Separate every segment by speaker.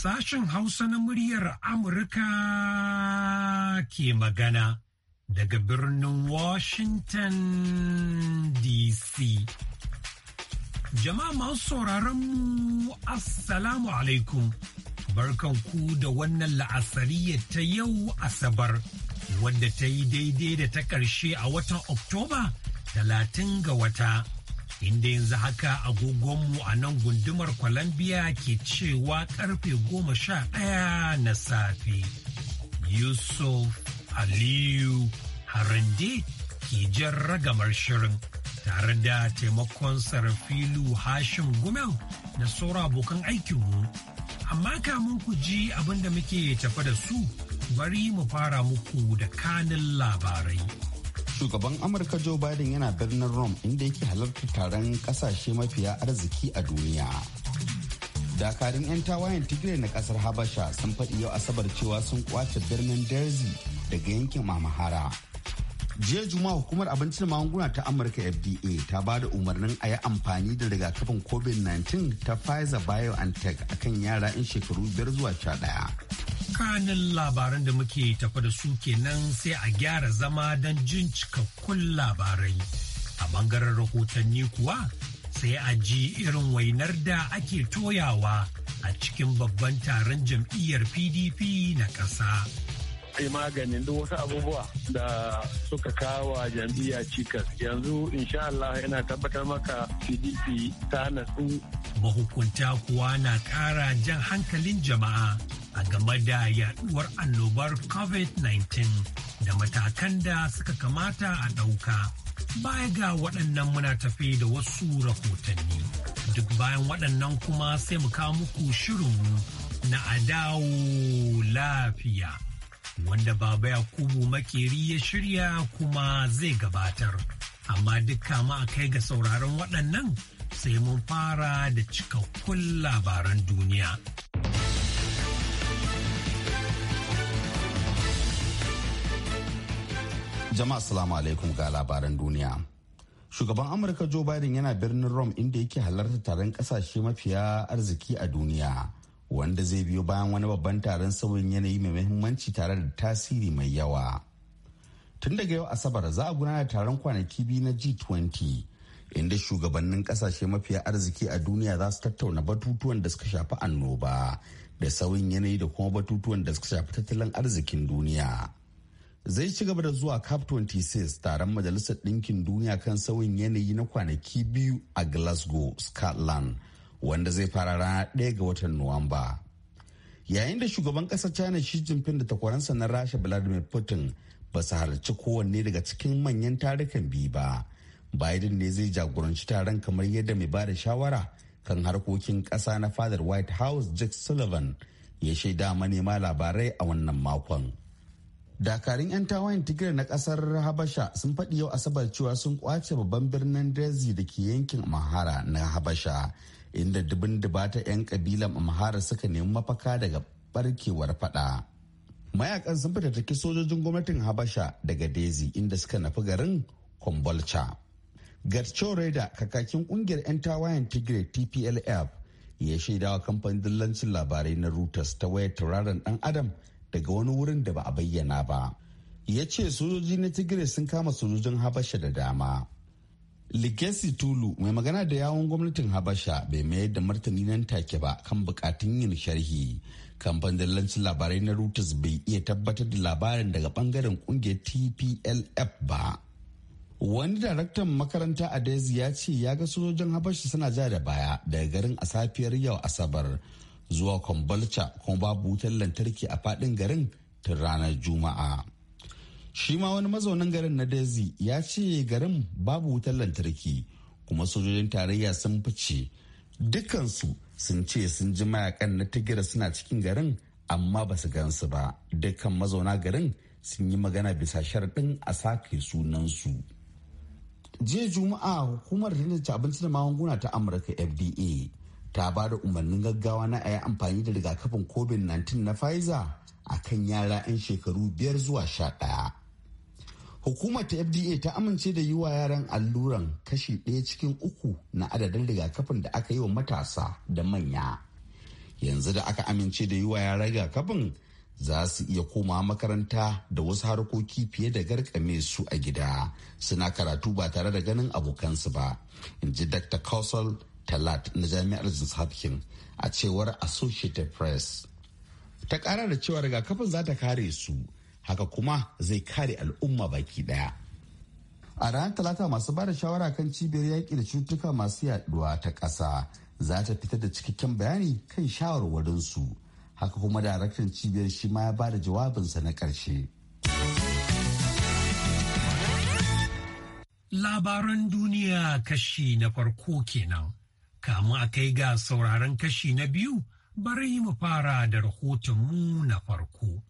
Speaker 1: Sashen Hausa na muryar Amurka ke magana daga birnin Washington DC. Jama'a masu sauraron mu Assalamu alaikum. Barkanku da wannan la'asariya ta yau Asabar, wadda ta yi daidai da ta ƙarshe a watan Oktoba, talatin ga wata. inda yanzu haka agogonmu a nan gundumar Colombia ke cewa karfe goma sha ɗaya na safe. Yusuf Aliyu Harande ke jan ragamar shirin tare da taimakon sarfilu Hashim Gumel na saura abokan aikinmu. Amma kamun ku ji abin da muke tafa da su bari mu fara muku da kanin labarai.
Speaker 2: shugaban amurka joe biden yana birnin rome inda yake halartar taron kasashe mafiya arziki a duniya dakarun 'yan tawayen tigray na kasar habasha sun faɗi yau asabar cewa sun kwace birnin derzi daga yankin mamahara jiya juma'a hukumar abincin magunguna ta amurka fda ta ba da umarnin a yi amfani da rigakafin covid-19 ta pfizer biontech akan yara 'yan shekaru biyar zuwa sha ɗaya.
Speaker 1: kanin labaran da muke tafa da su kenan sai a gyara zama don jin cikakkun labarai. A bangaren rahotanni kuwa sai a ji irin wainar da ake toyawa a cikin babban taron jam'iyyar PDP na ƙasa.
Speaker 3: Ai maganin duk wasu abubuwa da suka kawo jam'iyya cikas yanzu insha Allah yana tabbatar maka PDP ta natsu.
Speaker 1: Mahukunta kuwa na ƙara jan hankalin jama'a a game da yaduwar annobar covid-19 da matakan da suka kamata a ɗauka baya ga waɗannan muna tafi da wasu rahotanni duk bayan waɗannan kuma sai mu kawo muku shirin na adawo lafiya wanda baba yakubu makeri ya shirya kuma zai gabatar amma duk kama a kai ga sauraron waɗannan sai mun fara da cikakkun labaran duniya.
Speaker 2: Jama'a salamu alaikum ga labaran duniya. Shugaban Amurka Joe Biden yana birnin Rome inda yake halarta taron kasashe mafiya arziki a duniya wanda zai biyo bayan wani babban taron sauyin yanayi mai muhimmanci tare da tasiri mai yawa. Tun daga yau Asabar za a gudanar taron kwanaki biyu na G20 inda shugabannin kasashe mafiya arziki a duniya za su tattauna batutuwan da suka shafi annoba da sauyin yanayi da kuma batutuwan da suka shafi tattalin arzikin duniya. zai ci gaba da zuwa cap 26 taron majalisar ɗinkin duniya kan sauyin yanayi na kwanaki biyu a glasgow scotland wanda zai fara rana ɗaya ga watan nuwamba yayin da shugaban ƙasar china shi jinping da takwaransa na rasha vladimir putin ba su halarci kowanne daga cikin manyan tarukan biyu ba biden ne zai jagoranci taron kamar yadda mai ba da shawara kan harkokin ƙasa na fadar white house jake sullivan ya shaida manema labarai a wannan makon dakarun 'yan tawayen tigray na kasar habasha sun faɗi yau asabar cewa sun kwace babban birnin dazi da ke yankin amhara na habasha inda dubin dubata 'yan kabilan amhara suka nemi mafaka daga barkewar fada mayakan sun fitattaki sojojin gwamnatin habasha daga dezi inda suka nafi garin kombolcha garcho reda kakakin kungiyar 'yan tawayen tigray tplf ya shaidawa kamfanin dillancin labarai na reuters ta wayar tauraron dan adam daga wani wurin da ba a bayyana ba ya ce sojoji na tigray sun kama sojojin habasha da dama Ligesi Tulu mai magana da yawon gwamnatin Habasha bai mayar da martani nan take ba kan bukatun yin sharhi. Kamfan dallancin labarai na Reuters bai iya tabbatar da labarin daga bangaren kungiyar TPLF ba. Wani daraktan makaranta a ya ce ya ga sojojin Habasha suna ja da baya daga garin a safiyar yau Asabar zuwa kwambalca kuma babu wutar lantarki a fadin garin tun ranar juma'a shi ma wani mazaunin garin na dazi ya ce garin babu wutar lantarki kuma sojojin tarayya sun fice dukansu sun ce sun ji mayakan na tigira suna cikin garin amma ba su gansu ba dukkan mazauna garin sun yi magana bisa sharaɗin a sake sunansu jiya juma'a hukumar da abinci da magunguna ta amurka fda ta ba da umarnin gaggawa na a amfani da rigakafin covid-19 na pfizer a kan yara 'yan shekaru biyar zuwa sha ɗaya. hukumar ta fda ta amince da yi wa yaran alluran kashi ɗaya cikin uku na adadin rigakafin da aka yi wa matasa da manya yanzu da aka amince da yi wa yara rigakafin za su iya koma makaranta da wasu harkoki fiye da garkame su a gida suna karatu ba tare da ganin abokansu ba in ji dr kausal talat na jami'ar johns hopkins a cewar associated press ta ƙara da cewa rigakafin za ta kare su haka kuma zai kare al'umma baki daya a ranar talata masu ba da shawara kan cibiyar yaƙi da cututtuka masu yaɗuwa ta ƙasa za ta fitar da cikakken bayani kan shawarwarinsu haka kuma daraktan cibiyar shi ma ya bada jawabinsa na ƙarshe
Speaker 1: labaran duniya kashi na farko kenan Kamu a kai ga sauraron kashi na biyu bari mu fara da rahotonmu na farko.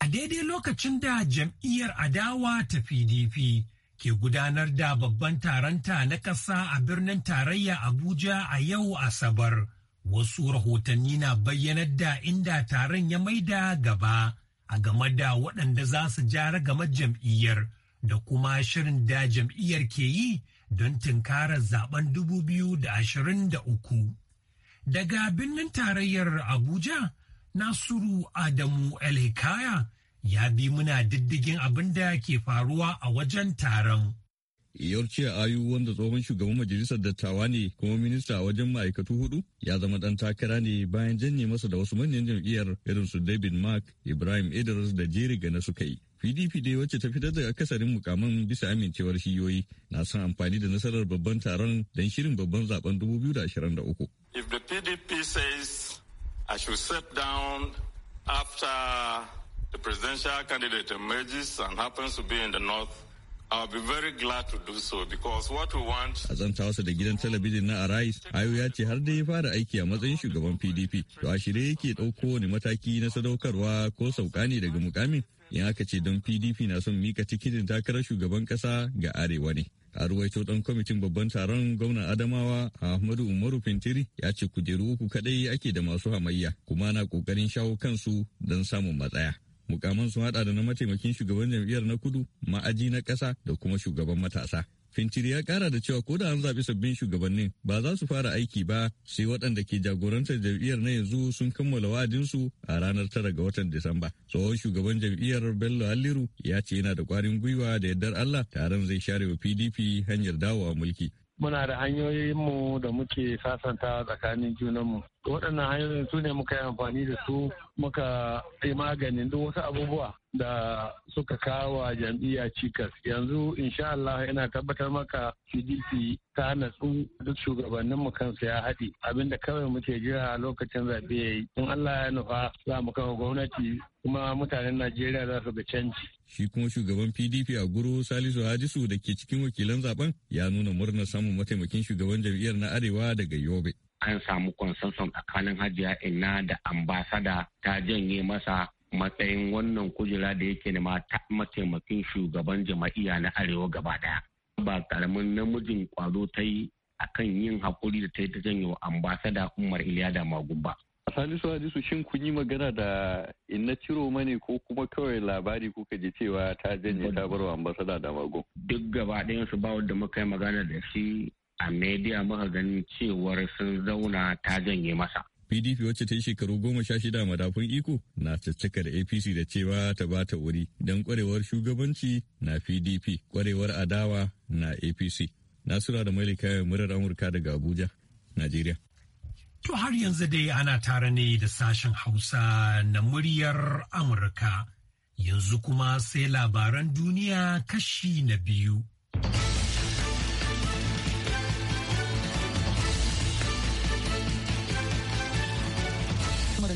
Speaker 1: A daidai lokacin da jam'iyyar adawa ta PDP ke gudanar da babban taronta na ƙasa a birnin tarayya Abuja a yau Asabar. Wasu rahotanni na bayyanar da inda taron ya maida gaba a game da waɗanda za su jara ragamar jam'iyyar da kuma shirin da jam'iyyar ke yi don tunkarar zaben 2023. Daga birnin tarayyar Abuja, Nasiru Adamu Alhikaya ya bi muna diddigin abin da ke faruwa a wajen taron.
Speaker 4: Yorciya Ayu wanda tsohon shugaban majalisar dattawa ne kuma minista a wajen ma'aikatu hudu ya zama dan takara ne bayan janye masa da wasu manyan jam'iyyar irin su David Mark, Ibrahim Idris da Jerry Gana suka yi. pdp dai wacce ta fitar da akasarin mukaman bisa amincewar shiyoyi na son amfani da nasarar babban taron don shirin babban zaben 2023 if the pdp says i
Speaker 5: should sit down after the presidential candidate emerges and happens to be in the north I'll be very glad to do so because what we want.
Speaker 4: A zantawarsa da gidan talabijin na Arise, Ayo ya ce har da ya fara aiki a matsayin shugaban PDP. To a shirye yake ɗauko wani mataki na sadaukarwa ko sauka ne daga mukamin in aka ce don pdp na son mika tikitin takarar shugaban kasa ga arewa ne a ruwaito dan kwamitin babban taron gwamnan adamawa ahmadu umaru fintiri ya ce kujeru uku kadai ake da masu hamayya kuma na kokarin shawo kansu don samun matsaya mukaman sun hada da na mataimakin shugaban jam'iyyar na kudu ma'aji na kasa da kuma shugaban matasa Fintiri ya kara da cewa ko da an zaɓi sabbin shugabannin ba za su fara aiki ba sai waɗanda ke jagorantar jam'iyyar na yanzu sun kammala wa'adinsu a ranar tara ga watan Disamba. Tsohon shugaban jam'iyyar Bello aliru ya ce yana da ƙwarin gwiwa da yardar Allah taron zai share wa PDP hanyar dawowa mulki. Muna
Speaker 3: da hanyoyinmu da muke sasantawa tsakanin junanmu. waɗannan hanyoyin su ne muka yi amfani da su muka yi maganin duk wasu abubuwa da suka kawo jam'iyya cikas yanzu insha Allah ina tabbatar maka PDP ta natsu duk shugabannin mu kansu ya haɗe abinda kawai muke jira lokacin zaɓe ya yi in Allah ya nufa za mu kawo gwamnati kuma mutanen Najeriya za su ga canji.
Speaker 4: Shi kuma shugaban PDP a guru Salisu Hadisu da ke cikin wakilan zaben ya nuna murnar samun mataimakin shugaban jam'iyyar na Arewa daga Yobe.
Speaker 6: an samu consensus
Speaker 4: tsakanin hajiya inna da
Speaker 2: ambasada ta janye masa matsayin wannan kujera da yake nema ta mataimakin shugaban jama'iya na arewa gaba daya ba karamin namijin kwazo ta yi akan yin hakuri da ta yi ta wa ambasada umar iliya magun ba
Speaker 4: Salisu Hadisu shin kun yi magana da inna ciro mani ko kuma kawai labari kuka ji cewa ta janye ta bar ambasada da mago. Duk gaba ɗayan su ba wanda muka yi magana da shi a media muka ganin cewar sun zauna ta janye masa. PDP wacce ta yi shekaru goma sha shida madafun iko na caccaka da APC da cewa ta ba ta wuri don kwarewar shugabanci na PDP kwarewar adawa na APC. Nasura da Malika murar Amurka daga Abuja, Najeriya.
Speaker 1: To har yanzu dai ana tara ne da sashen Hausa na muryar Amurka. Yanzu kuma sai labaran duniya kashi na biyu.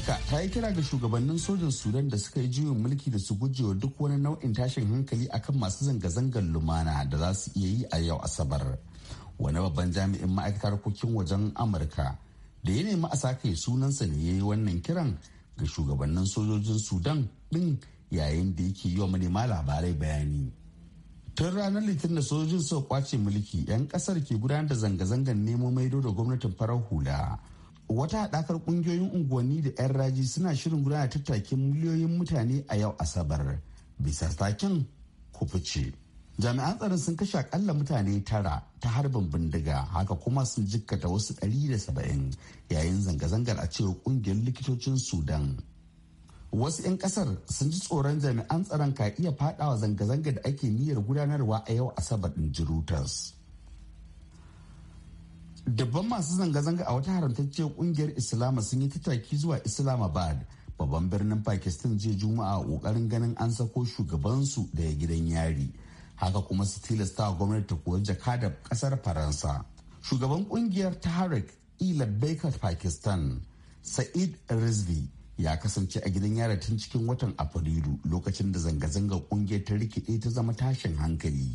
Speaker 2: amurka ta yi kira ga shugabannin sojan sudan da suka yi juyin mulki da su gujewa duk wani nau'in tashin hankali akan masu zanga-zangar lumana da za su iya yi a yau asabar wani babban jami'in ma'aikatar harkokin wajen amurka da ya nemi a sake sunansa ne ya yi wannan kiran ga shugabannin sojojin sudan din yayin da yake yi wa manema labarai bayani tun ranar litinin da sojojin suka kwace mulki 'yan kasar ke gudanar da zanga-zangar nemo maido da gwamnatin farar hula wata haɗakar ƙungiyoyin unguwanni da 'yan raji suna shirin gudanar tattakin miliyoyin mutane a yau asabar bisa takin kufuce jami'an tsaron sun kashe akalla mutane tara ta harbin bindiga haka kuma sun jikkata wasu 170 yayin zanga-zangar a cewa ƙungiyar likitocin sudan wasu 'yan kasar sun ji tsoron jami'an tsaron ka iya fadawa zanga zangar da ake niyyar gudanarwa a yau asabar din jirutas Dabban masu zanga-zanga a wata haramtacciyar kungiyar Islama sun yi tattaki zuwa Islamabad, babban birnin Pakistan jiya Juma'a kokarin ganin an sako shugabansu ya gidan yari. Haka kuma su tilasta wa gwamnati kuwa jakadar kasar Faransa. Shugaban kungiyar Tariq Ila Baker Pakistan, Sa'id Rizvi, ya kasance a gidan yari tun cikin watan Afrilu lokacin da zanga-zangar kungiyar ta rikide ta zama tashin hankali.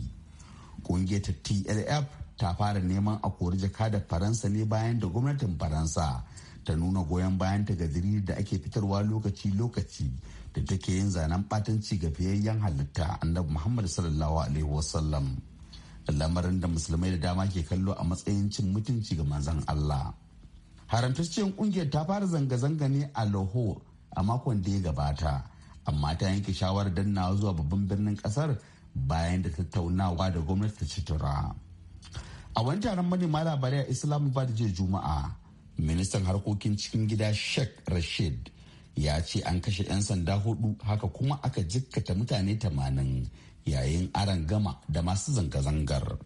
Speaker 2: Kungiyar ta TLF ta fara neman a kori da faransa ne bayan da gwamnatin faransa ta nuna goyon bayan ta ga da ake fitarwa lokaci-lokaci da take yin zanen batanci ga fiyayyen halitta annabi muhammad sallallahu alaihi wasallam lamarin da musulmai da dama ke kallo a matsayin cin mutunci ga manzon allah haramtacciyar kungiyar ta fara zanga-zanga ne a lahore a makon da ya gabata amma ta yanke shawarar dannawa zuwa babban birnin kasar bayan da tattaunawa da gwamnati ta ci a wani taron manema labarai a islamabad jiya juma'a ministan harkokin cikin gida sheikh rashid ya ce an kashe 'yan sanda hudu haka kuma aka jikkata mutane tamanin yayin aron gama da masu zanga-zangar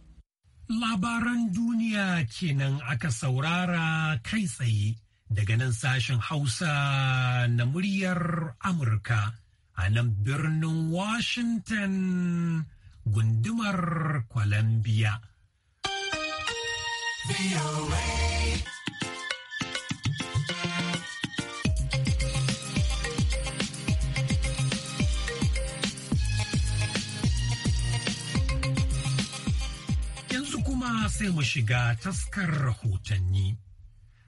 Speaker 1: labaran duniya kenan aka saurara kai tsaye daga nan sashen hausa na muryar amurka a nan birnin washington gundumar columbia Yanzu kuma sai mu shiga taskar rahotanni.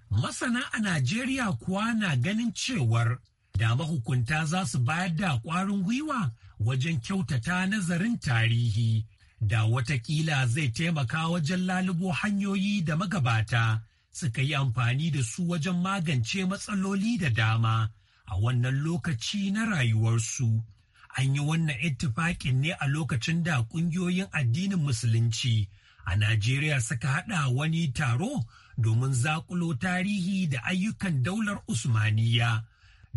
Speaker 1: Masana a Najeriya kuwa na ganin cewar da mahukunta za su bayar da ƙwarin gwiwa wajen kyautata nazarin tarihi da watakila zai taimaka wajen lalubo hanyoyi da magabata suka yi amfani da su wajen magance matsaloli da dama a wannan lokaci na rayuwarsu. An yi wannan ittifaƙin ne a lokacin da ƙungiyoyin addinin Musulunci a Najeriya suka haɗa wani taro domin zaƙulo tarihi da ayyukan daular Usmaniya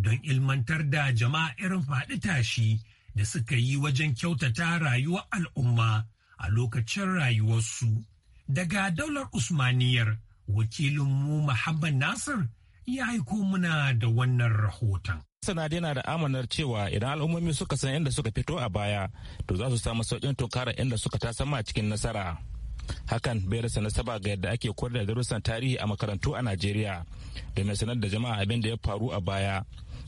Speaker 1: don ilmantar da jama'a irin faɗi tashi. da suka yi wajen kyautata rayuwar al'umma a lokacin rayuwarsu. Daga daular Usmaniyar, wakilinmu Muhammad Nasir ya aiko muna da wannan rahoton.
Speaker 5: Sanadi yana da amanar cewa idan al'ummomi suka san inda suka fito a baya, to za su samu sauƙin tunkara inda suka ta sama cikin nasara. Hakan bai rasa nasaba ga yadda ake koyar da darussan tarihi a makarantu a Najeriya, domin sanar da jama'a abin da ya faru a baya.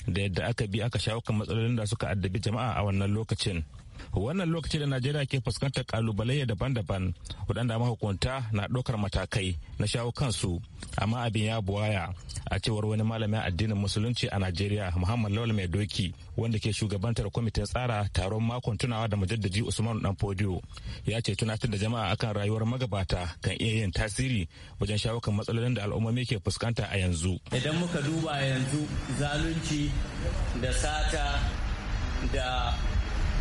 Speaker 5: da yadda aka bi aka shawo kan matsalolin da suka addabi jama'a a wannan lokacin wannan lokaci da najeriya ke fuskantar kalubalai daban-daban waɗanda mahukunta na ɗaukar matakai na shawo kansu amma abin ya buwaya a cewar wani malamin addinin musulunci a najeriya muhammad lawal mai doki wanda ke shugabantar kwamitin tsara taron makon tunawa da majaddaji usman dan podio ya ce tunatar da jama'a akan rayuwar magabata kan iya yin tasiri wajen shawo kan matsalolin da al'ummomi ke fuskanta a yanzu
Speaker 3: idan muka duba yanzu zalunci da sata da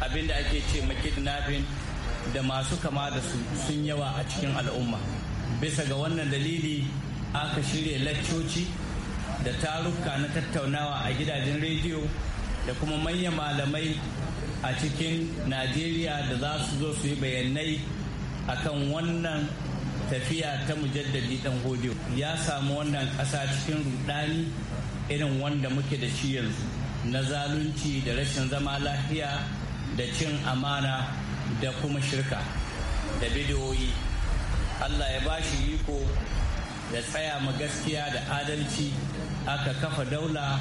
Speaker 3: abin da ake ce kidnapping da masu kama da su sun yawa a cikin al'umma bisa ga wannan dalili aka shirya laccoci da taruka na tattaunawa a gidajen rediyo da kuma manyan malamai a cikin najeriya da za su zo su yi bayanai akan wannan tafiya ta mujaddadi dan godiyo ya samu wannan ƙasa cikin rudani irin wanda muke da shi yanzu na zalunci da rashin zama lafiya da cin amana da kuma shirka da bidiyoyi allah ya ba shi iko da tsaya ma gaskiya da adalci aka kafa daula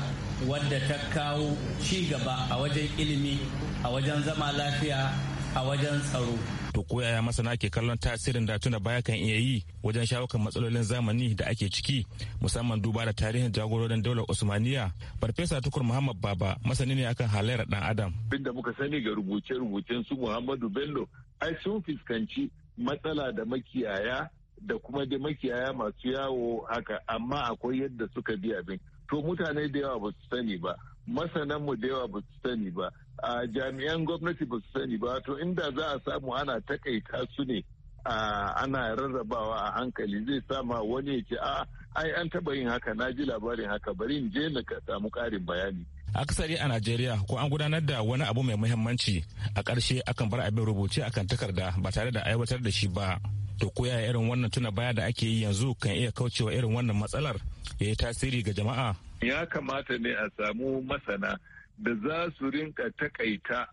Speaker 3: wadda ta kawo ci gaba a wajen ilimi a wajen zama lafiya
Speaker 5: a wajen tsaro to ko yaya masana ke kallon tasirin da tuna baya kan iya yi wajen shawo kan matsalolin zamani da ake ciki musamman duba da tarihin jagororin daular usmaniya farfesa tukur muhammad baba masani ne akan halayyar dan adam
Speaker 4: bin da muka sani ga rubuce-rubucen su muhammadu bello ai sun fuskanci matsala da makiyaya da kuma da makiyaya masu yawo haka amma akwai yadda suka bi abin to mutane da yawa ba su sani ba masananmu da yawa ba su sani ba a jami'an gwamnati ba su sani ba to inda za a samu ana takaita su ne ana rarrabawa a hankali zai sama wani ya ce a ai an taba yin haka na ji labarin haka bari in je na samu karin bayani
Speaker 5: akasari a najeriya ko an gudanar da wani abu mai muhimmanci a ƙarshe akan bar abin rubuce akan takarda ba tare da aiwatar da shi ba to ko ya irin wannan tuna baya da ake yi yanzu kan iya kaucewa irin wannan matsalar ya yi tasiri ga jama'a
Speaker 4: ya kamata ne a samu masana da za su rinka takaita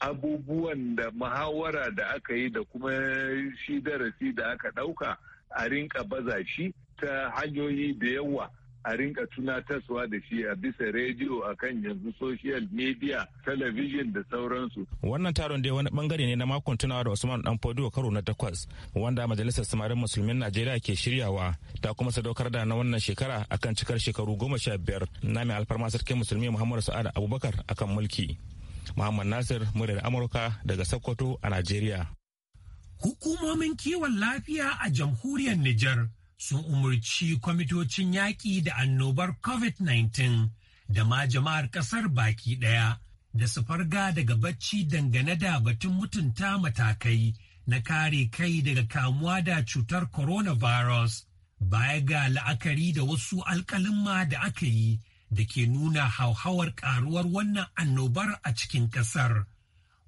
Speaker 4: abubuwan da muhawara da aka yi da kuma shi darasi da aka ɗauka a rinka baza shi ta hanyoyi da yawa a rinka tunatarwa da shi a bisa rediyo a kan yanzu social media talabijin da sauransu.
Speaker 5: Wannan taron dai wani bangare ne na makon tunawa da Usman Dan Fodio karo na takwas wanda Majalisar Samarin Musulmin Najeriya ke shiryawa ta kuma sadaukar da na wannan shekara akan cikar shekaru goma sha biyar na mai alfarma sarkin musulmi Muhammadu Sa'ad Abubakar akan mulki. Muhammad Nasir muryar Amurka daga Sokoto a Najeriya.
Speaker 1: Hukumomin kiwon lafiya a jamhuriyar Nijar sun umarci kwamitocin yaƙi da annobar COVID-19 da ma jama'ar ƙasar baki ɗaya da su farga daga bacci dangane da batun mutunta matakai na kare kai daga kamuwa da cutar coronavirus baya ga la'akari da wasu alƙaluma da aka yi da ke nuna hauhawar ƙaruwar wannan annobar a cikin ƙasar.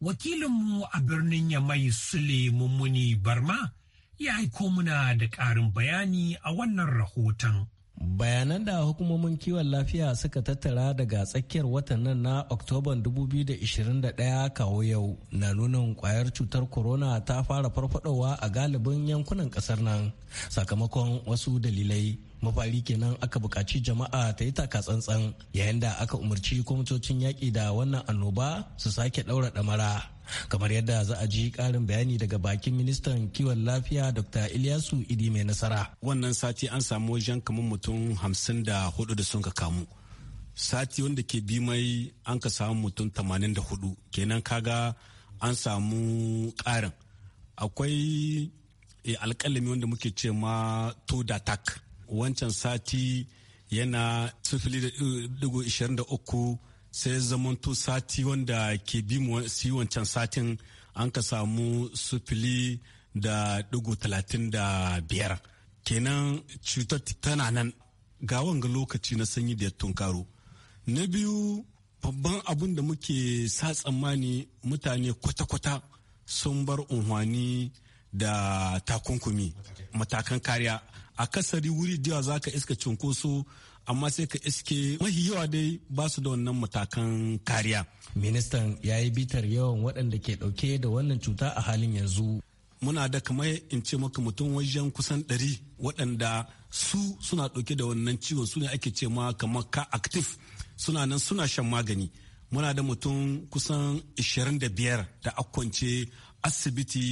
Speaker 1: Wakilinmu a birnin Yamai Sule Mummuni Barma ya aiko muna da ƙarin bayani a wannan rahoton.
Speaker 3: bayanan da hukumomin kiwon lafiya suka tattara daga tsakiyar watan nan na Oktoba 2021 kawo yau na nunin kwayar cutar corona ta fara farfadowa a galibin yankunan kasar nan sakamakon wasu dalilai mafari kenan aka buƙaci jama'a ta yi taka tsantsan yayin da aka umarci kwamitocin yaƙi da wannan annoba su sake ɗaura ɗamara kamar yadda za a ji karin bayani daga bakin ministan kiwon lafiya dr ilyasu idi mai nasara
Speaker 6: wannan sati an samu wajen kamar mutum hamsin da hudu da sun ka kamu sati wanda ke bi mai an ka samu mutum tamanin da hudu kenan kaga an samu karin akwai eh, alkalami wanda muke ce ma to da tak wancan sati yana sifili eh, sai zamanto sati wanda ke bi si wancan satin an ka samu sufili da digo talatin da biyar kenan cutar tana nan ga wanga lokaci na sanyi da tunkaro na biyu babban abun da muke sa tsammani mutane kwata-kwata sun bar unhwani da takunkumi matakan kariya a kasari wuri da za ka iska cunkoso amma sai ka iske mahi yawa dai ba su da wannan matakan kariya. Ministan ya yi bitar yawan waɗanda ke ɗauke da wannan cuta a halin yanzu. Muna da kamar in ce maka mutum wajen kusan ɗari waɗanda su suna ɗauke da wannan ciwon su ne ake ce ma kamar ka active suna nan suna shan magani. Muna da mutum kusan 25 da akwance asibiti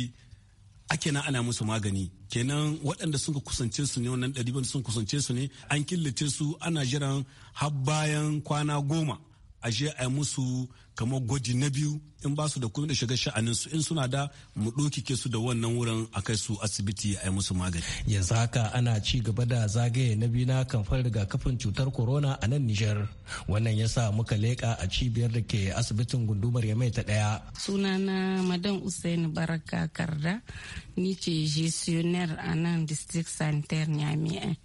Speaker 6: ake na ana musu magani kenan waɗanda sun kusance su ne wannan ɗari sun kusance su ne an killace su ana jiran har bayan kwana goma a je a yi musu kamar gwaji na biyu in ba su da kuma da shiga sha'anin su in suna da mu ɗokike su da wannan wurin a kai su asibiti a yi musu magani.
Speaker 3: Yanzu haka ana ci gaba da zagaye na biyu na kamfan rigakafin cutar corona a nan Nijar. Wannan yasa muka leƙa a cibiyar da ke asibitin gundumar Yamai ta ɗaya.
Speaker 7: Sunana Madan Usaini Baraka Karda ni ce gestionnaire a nan district sanitaire Nyamiya.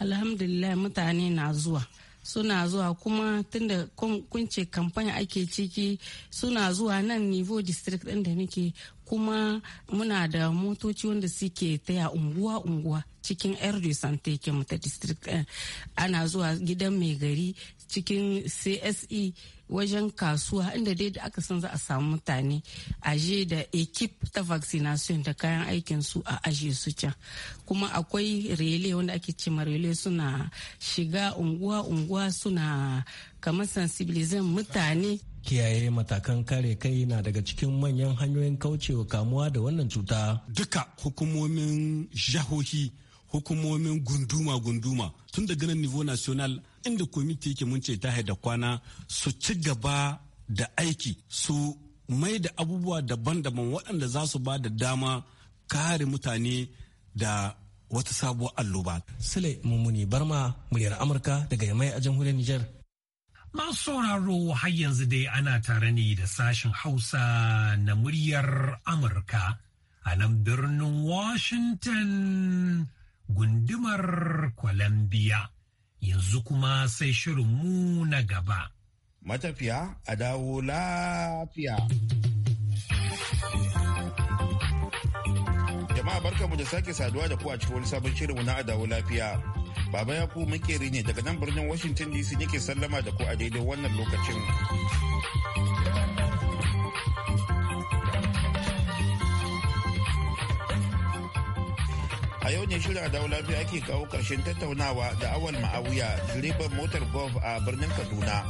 Speaker 7: Alhamdulillah mutane na zuwa. suna zuwa kuma tunda kun ce kamfani ake ciki suna zuwa nan nivo district ɗin da nake kuma muna da motoci wanda suke taya unguwa-unguwa cikin air de sante ke ta district ana zuwa gidan mai gari cikin cse wajen kasuwa inda dai da aka san za a samu mutane aje da ekip ta vaccination da kayan aikin su a aje su can kuma akwai rele wanda ake ce rele suna shiga unguwa-unguwa suna kamar sensibilizan mutane
Speaker 3: kiyaye matakan kare kai na daga cikin manyan hanyoyin kaucewa
Speaker 6: kamuwa da wannan cuta duka hukumomin jahohi hukumomin gunduma-gunduma tun da nan nivo national inda kwamiti yake mun ce ta da kwana su ci gaba da aiki su mai da abubuwa daban-daban waɗanda za su ba da dama kare mutane da wata sabuwar alluba. Sule Mummuni Barma, muryar Amurka daga Yamai a jamhuriyar Nijar.
Speaker 1: Masu sauraro har yanzu dai ana tare ne da sashen Hausa na muryar Amurka a nan birnin Washington gundumar Columbia. Yanzu kuma sai shirinmu na gaba.
Speaker 8: Matafiya a dawo lafiya. Jama'a barkanmu da sake saduwa da ku a cikin wani sabon shirinmu na dawo lafiya. Baba ya ku makeri ne daga nan birnin Washington DC nake sallama da ku a daidai wannan lokacin. a yau ne shirya dawo lafiya ake kawo karshen tattaunawa da awal ma'auya direban motar golf a birnin kaduna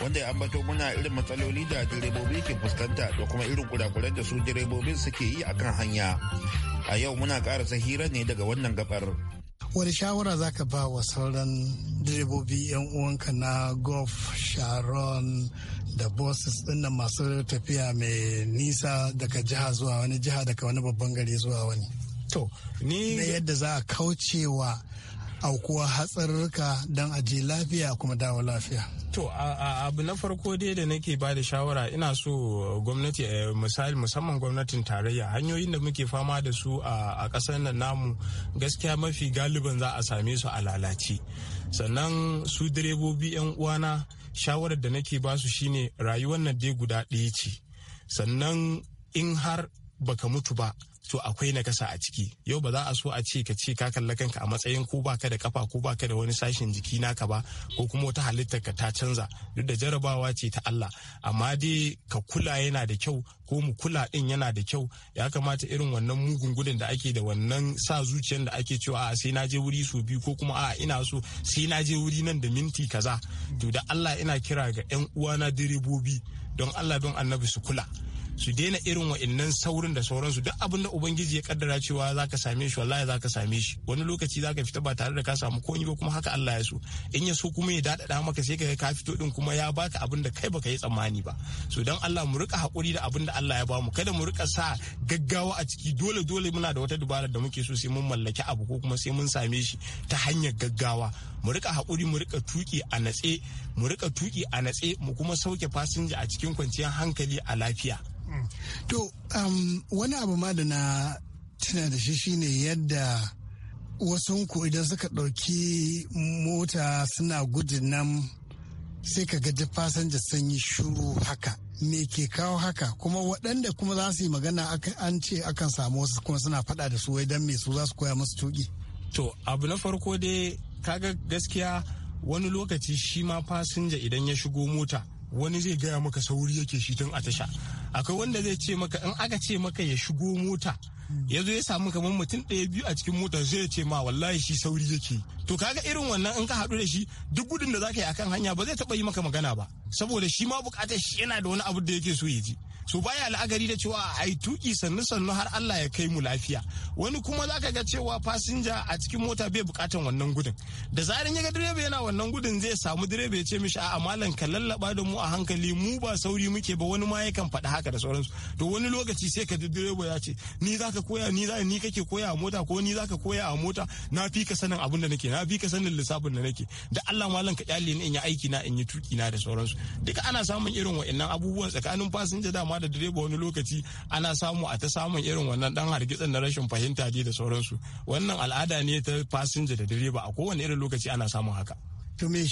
Speaker 8: wanda ya ambato muna irin matsaloli da direbobi ke fuskanta da kuma irin kurakuran da su direbobin suke yi akan hanya a yau muna karasa hira ne daga wannan gabar
Speaker 1: wani
Speaker 3: shawara za ka ba wa sauran direbobi 'yan uwanka na golf sharon da bosses dinnan masu tafiya mai nisa daga jiha zuwa wani jiha daga wani babban gari zuwa wani to ni na yadda za a kaucewa aukuwa hatsarurruka don aje lafiya kuma dawo lafiya.
Speaker 5: To abu
Speaker 9: na farko dai da nake ba da shawara ina so gwamnati eh, misali musamman gwamnatin tarayya hanyoyin da muke fama da su a ƙasar nan namu gaskiya mafi galiban za a same su a lalace. Sannan su direbobi 'yan uwana shawarar da nake ba su shine rayuwar nan dai guda ɗaya ce. Sannan in har baka mutu ba to akwai nakasa a ciki yau ba za a so a ce ka ce ka kalla kanka a matsayin ko baka da kafa ko baka da wani sashen jiki naka ba ko kuma wata halittar ka ta canza duk da jarabawa ce ta Allah amma dai ka kula yana da kyau ko mu kula din yana da kyau ya kamata irin wannan mugun gudun da ake da wannan sa zuciyar da ake cewa a sai na je wuri su biyu ko kuma a ina so sai na je wuri nan da minti kaza to da Allah ina kira ga yan uwana direbobi don Allah don annabi su kula su daina irin wa'annan saurin da sauransu duk abin da ubangiji ya kaddara cewa ka same shi wallahi za ka same shi wani lokaci za ka fita ba tare da ka samu komai ba kuma haka Allah ya so in ya so kuma ya dadada maka sai ka ka fito din kuma ya baka abin da kai baka yi tsammani ba so dan Allah mu rika hakuri da abin da Allah ya bamu kada mu rika sa gaggawa a ciki dole dole muna da wata dubara da muke so sai mun mallaki abu ko kuma sai mun same shi ta hanyar gaggawa mu rika hakuri mu rika tuki a natse mu rika tuki a natse mu kuma sauke fasinja a cikin kwanciyar hankali a lafiya
Speaker 3: To, um, wani abu ma da na tuna da shi shine yadda wasunku idan suka ɗauki mota suna gudun nan sai ka gaji fasinja sun yi shuru haka. Me ke kawo haka kuma waɗanda kuma za su yi magana an ce akan samu wasu kuma suna faɗa da su wai don me su za su koya masu tuƙi. To, abu na farko
Speaker 9: dai kaga gaskiya wani lokaci shi ma fasinja idan ya shigo mota wani zai gaya maka sauri yake shi tun a tasha. akwai wanda zai ce maka in aka ce maka ya shigo mota ya zo ya samu kamar mutum ɗaya biyu a cikin mota zai ce ma wallahi shi sauri yake to kaga irin wannan in ka haɗu da shi duk gudun da zaka yi akan hanya ba zai taɓa yi maka magana ba saboda shi ma bukatar shi yana da wani abu da yake so ya ji su baya la'akari da cewa ai tuki sannu sannu har Allah ya kai mu lafiya wani kuma za ka ga cewa fasinja a cikin mota bai bukatan wannan gudun da zarin ya ga direba yana wannan gudun zai samu direba ya ce mishi a malam ka lallaba da mu a hankali mu ba sauri muke ba wani ma yakan faɗi haka da sauransu to wani lokaci sai ka ji direba ya ce ni za ka koya ni za ni kake koya a mota ko ni za ka koya a mota na fi ka sanin abin da nake na fi ka sanin lissafin da nake da Allah malam ka kyale ni in yi aiki na in yi tuki na da sauransu duka ana samun irin wa'annan abubuwan tsakanin fasinja da kama da direba wani lokaci ana samu a ta samun irin wannan dan hargitsin na rashin fahimta da sauransu wannan al'ada ne ta fasinja da direba a kowane irin lokaci ana samun haka
Speaker 3: to me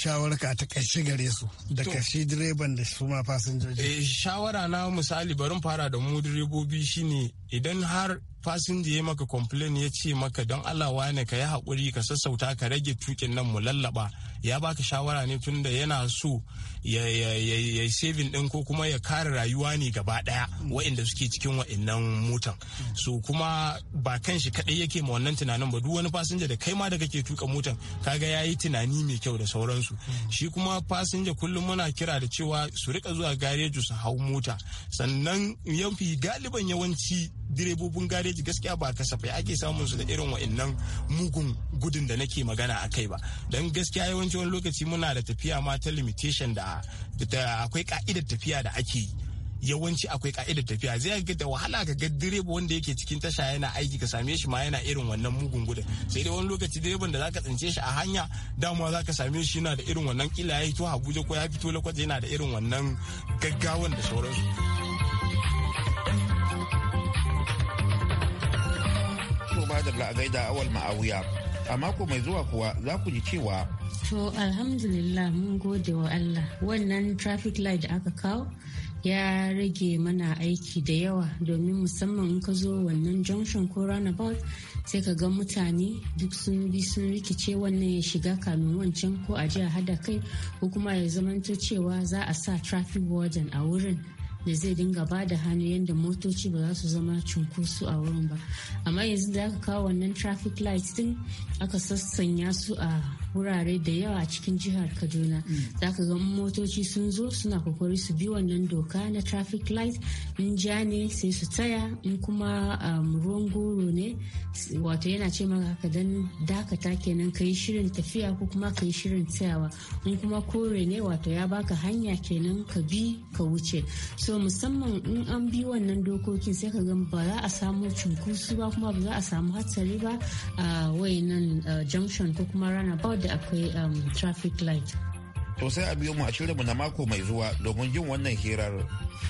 Speaker 3: ka ta karshe gare su da karshe direban da su ma fasinjoji eh
Speaker 9: shawara na misali barin fara da mu direbobi shine idan har fasinja ya maka complain ya ce maka don Allah wane ka yi haƙuri ka sassauta ka rage tukin nan mu lallaba ya baka shawara ne tunda yana so ya ya saving din ko kuma ya kare rayuwa ne gaba daya waɗanda suke cikin waɗannan motan so kuma ba kan shi kadai yake ma wannan tunanin ba duk wani fasinja da kai ma da kake tuka motan kaga yayi tunani mai kyau da sauransu shi kuma fasinja kullum muna kira da cewa su rika zuwa gareji su hau mota sannan yafi galiban yawanci direbobin gareji gaskiya ba kasafai ake samun su da irin wa'annan mugun gudun da nake magana a kai ba don gaskiya yawanci wani lokaci muna da tafiya ma ta limitation da akwai ka'idar tafiya da ake yawanci akwai ka'idar tafiya zai ga da wahala ka ga direba wanda yake cikin tasha yana aiki ka same shi ma yana irin wannan mugun gudun sai dai wani lokaci direban da zaka tsince shi a hanya dama zaka same shi yana da irin wannan kila ya fito Abuja ko ya fito Lagos yana da irin
Speaker 8: wannan gaggawan da sauransu madalla a gaida awal ma'awiya a mako mai zuwa kuwa za ku ji cewa
Speaker 7: to alhamdulillah mun gode wa allah wannan traffic light da aka kawo ya rage mana aiki da yawa domin musamman in ka zo wannan junction ko runabout sai ka ga mutane duk sun bi sun rikice wannan ya shiga kamin wancan ko a hada kai ko kuma ya zamanto cewa za a sa traffic warden a wurin da zai dinga ba da hannu yadda motoci ba za su zama cunkoso a wurin ba amma yanzu da aka kawo wannan traffic light din aka sassanya su a wurare da yawa a cikin jihar kaduna mm. za ka ga motoci sun zo suna kokari su bi wannan doka na traffic light in ja ne sai su tsaya in kuma um, ruwan goro ne wato yana ce maka ka dan dakata kenan ka yi shirin tafiya ko kuma ka yi shirin tsayawa in kuma kore ne wato ya baka hanya kenan ka bi ka wuce so musamman in an bi wannan dokokin sai ka ga ba za a samu cunkusu ba kuma ba za a samu hatsari ba a wayannan uh, junction ko kuma rana. da akwai um, traffic light
Speaker 8: to sai a biyo mu a shirinmu na mako mai zuwa domin jin wannan hirar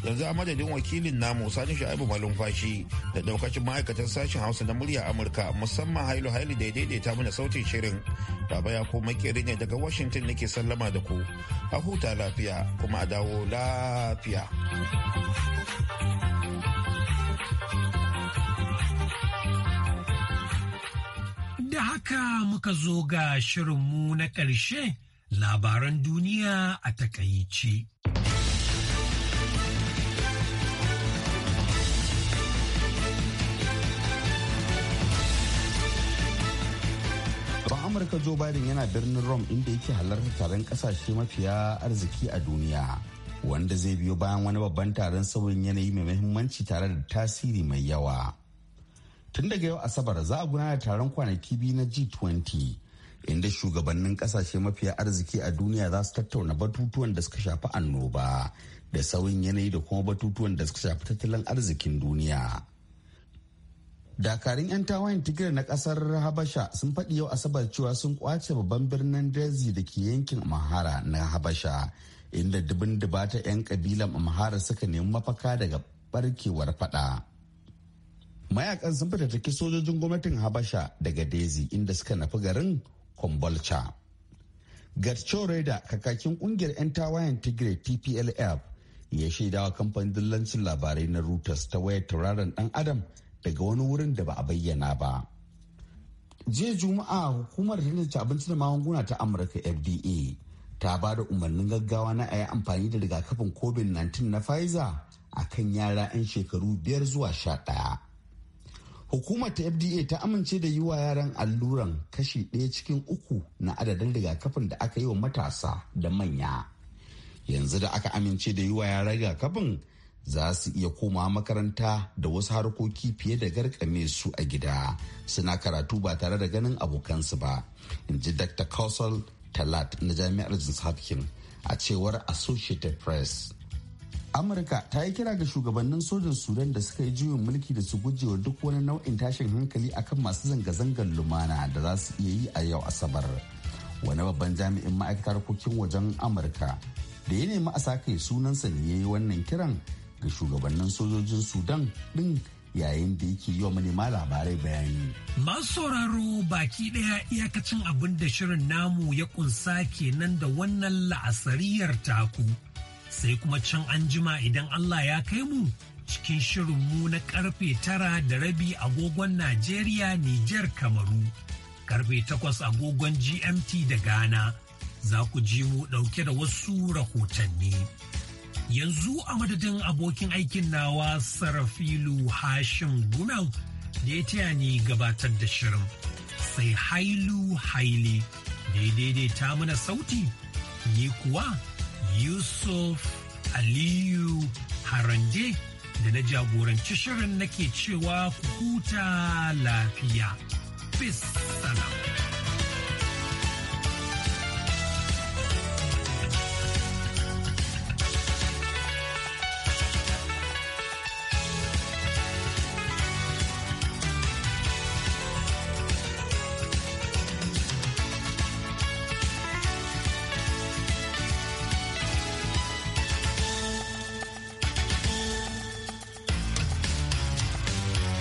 Speaker 8: yanzu a madadin wakilin namu sani sha'ibu malumfashi da daukacin ma'aikatan sashen hausa na murya amurka musamman hailu hailu da ya daidaita mana sautin shirin baba ya ko makeri ne daga washington nake sallama da ku a huta lafiya kuma a dawo lafiya
Speaker 1: da haka muka zo ga shirinmu na ƙarshe labaran duniya a takaici.
Speaker 2: amurka joe biden yana birnin rome inda yake halartar taron kasashe mafiya arziki a duniya wanda zai biyo bayan wani babban taron sauyin yanayi mai muhimmanci tare da tasiri mai yawa tun daga yau asabar za a gudanar taron kwanaki biyu na g20 inda shugabannin kasashe mafiya arziki a duniya za su tattauna batutuwan da suka shafi annoba da sauyin yanayi da kuma batutuwan da suka shafi tattalin arzikin duniya dakarun 'yan tawayin tigir na kasar habasha sun faɗi yau asabar cewa sun kwace babban birnin dazi da ke yankin amhara na habasha inda dubin dubata 'yan kabilan amhara suka nemi mafaka daga barkewar fada mayakan sun fita take sojojin gwamnatin habasha daga dezi inda suka nafi garin kombolcha garcho reda kakakin kungiyar 'yan tawayen tigray tplf ya shaidawa kamfanin dillancin labarai na reuters ta wayar tauraron dan adam daga wani wurin da ba a bayyana ba jiya juma'a hukumar da abinci da magunguna ta amurka fda ta ba da umarnin gaggawa na a yi amfani da rigakafin covid-19 na pfizer a kan yara 'yan shekaru biyar zuwa sha ɗaya. Hukumar ta FDA ta amince da yi wa yaran alluran kashi ɗaya cikin uku na adadin rigakafin da aka yi wa matasa da manya. Yanzu da aka amince da yi wa yaran rigakafin za su iya komawa makaranta da wasu harkoki fiye da garkame su a gida suna karatu ba tare da ganin abokansu ba. In ji Dr. Kausal Talat na Jami'ar Johns a cewar Associated Press. amurka ta yi kira ga shugabannin sojan sudan da suka yi juyin mulki da su gujewa duk wani nau'in tashin hankali akan masu zanga-zangar lumana da za su iya yi a yau asabar wani babban jami'in ma'aikatar harkokin wajen amurka da ya nemi a sake sunansa ne ya yi wannan kiran ga shugabannin sojojin sudan din yayin da yake yi wa manema labarai bayani.
Speaker 1: Masu sauraro baki ɗaya iyakacin abin da shirin namu ya kunsa kenan da wannan la'asariyar taku. sai kuma can anjima idan Allah ya kai mu cikin shirin mu na karfe tara da rabi agogon Najeriya Nijar Kamaru, karfe takwas agogon GMT da Ghana za ku ji mu ɗauke da wasu rahotanni. Yanzu a madadin abokin aikin nawa Sarafilu Hashim Gunan da ya taya ni gabatar da shirin sai Hailu Haile da ya daidaita mana sauti, ni kuwa yusuf aliyu haranje da na jagoranci shirin nake cewa ku huta lafiya. Peace.